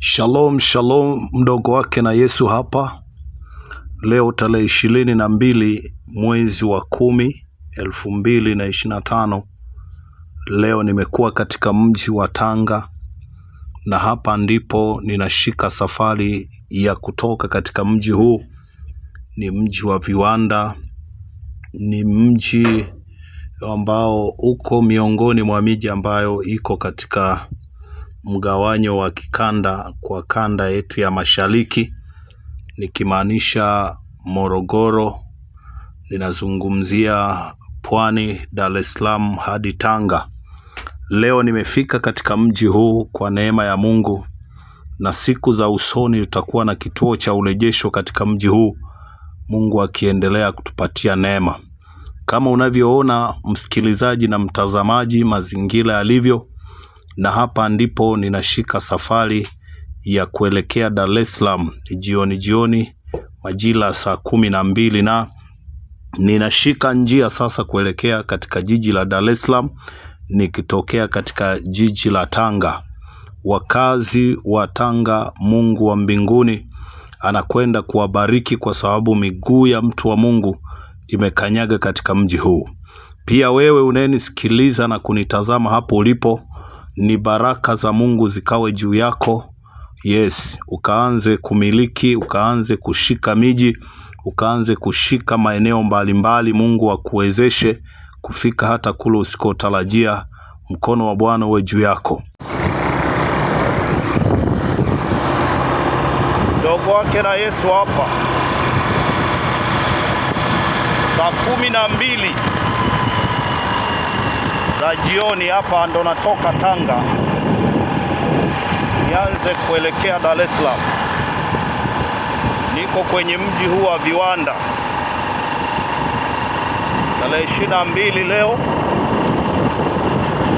Shalom shalom, mdogo wake na Yesu hapa leo tarehe ishirini na mbili mwezi wa kumi elfu mbili na ishirini na tano. Leo nimekuwa katika mji wa Tanga na hapa ndipo ninashika safari ya kutoka katika mji huu. Ni mji wa viwanda, ni mji ambao uko miongoni mwa miji ambayo iko katika mgawanyo wa kikanda kwa kanda yetu ya mashariki nikimaanisha Morogoro, ninazungumzia Pwani, Dar es Salaam hadi Tanga. Leo nimefika katika mji huu kwa neema ya Mungu, na siku za usoni tutakuwa na kituo cha urejesho katika mji huu, Mungu akiendelea kutupatia neema. Kama unavyoona msikilizaji na mtazamaji, mazingira yalivyo, na hapa ndipo ninashika safari ya kuelekea Dar es Salaam jioni jioni majira saa kumi na mbili na ninashika njia sasa kuelekea katika jiji la Dar es Salaam nikitokea katika jiji la Tanga. Wakazi wa Tanga, Mungu wa mbinguni anakwenda kuwabariki kwa sababu miguu ya mtu wa Mungu imekanyaga katika mji huu. Pia wewe unayenisikiliza na kunitazama hapo ulipo, ni baraka za Mungu zikawe juu yako. Yes, ukaanze kumiliki, ukaanze kushika miji, ukaanze kushika maeneo mbalimbali mbali. Mungu akuwezeshe kufika hata kule usikotarajia. Mkono wa Bwana uwe juu yako. mdogo wake na Yesu hapa saa kumi na mbili la jioni hapa ndo natoka Tanga nianze kuelekea Dar es Salaam. Niko kwenye mji huu wa viwanda tarehe ishirini na mbili leo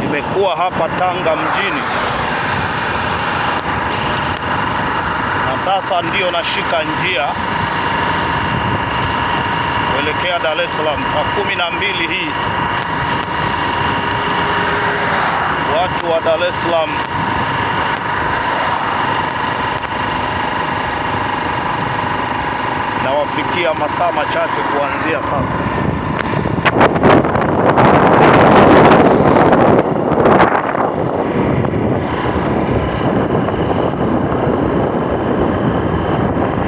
nimekuwa hapa Tanga mjini na sasa ndio nashika njia kuelekea Dar es Salaam saa kumi na mbili hii watu wa Dar es Salaam nawafikia masaa machache kuanzia sasa.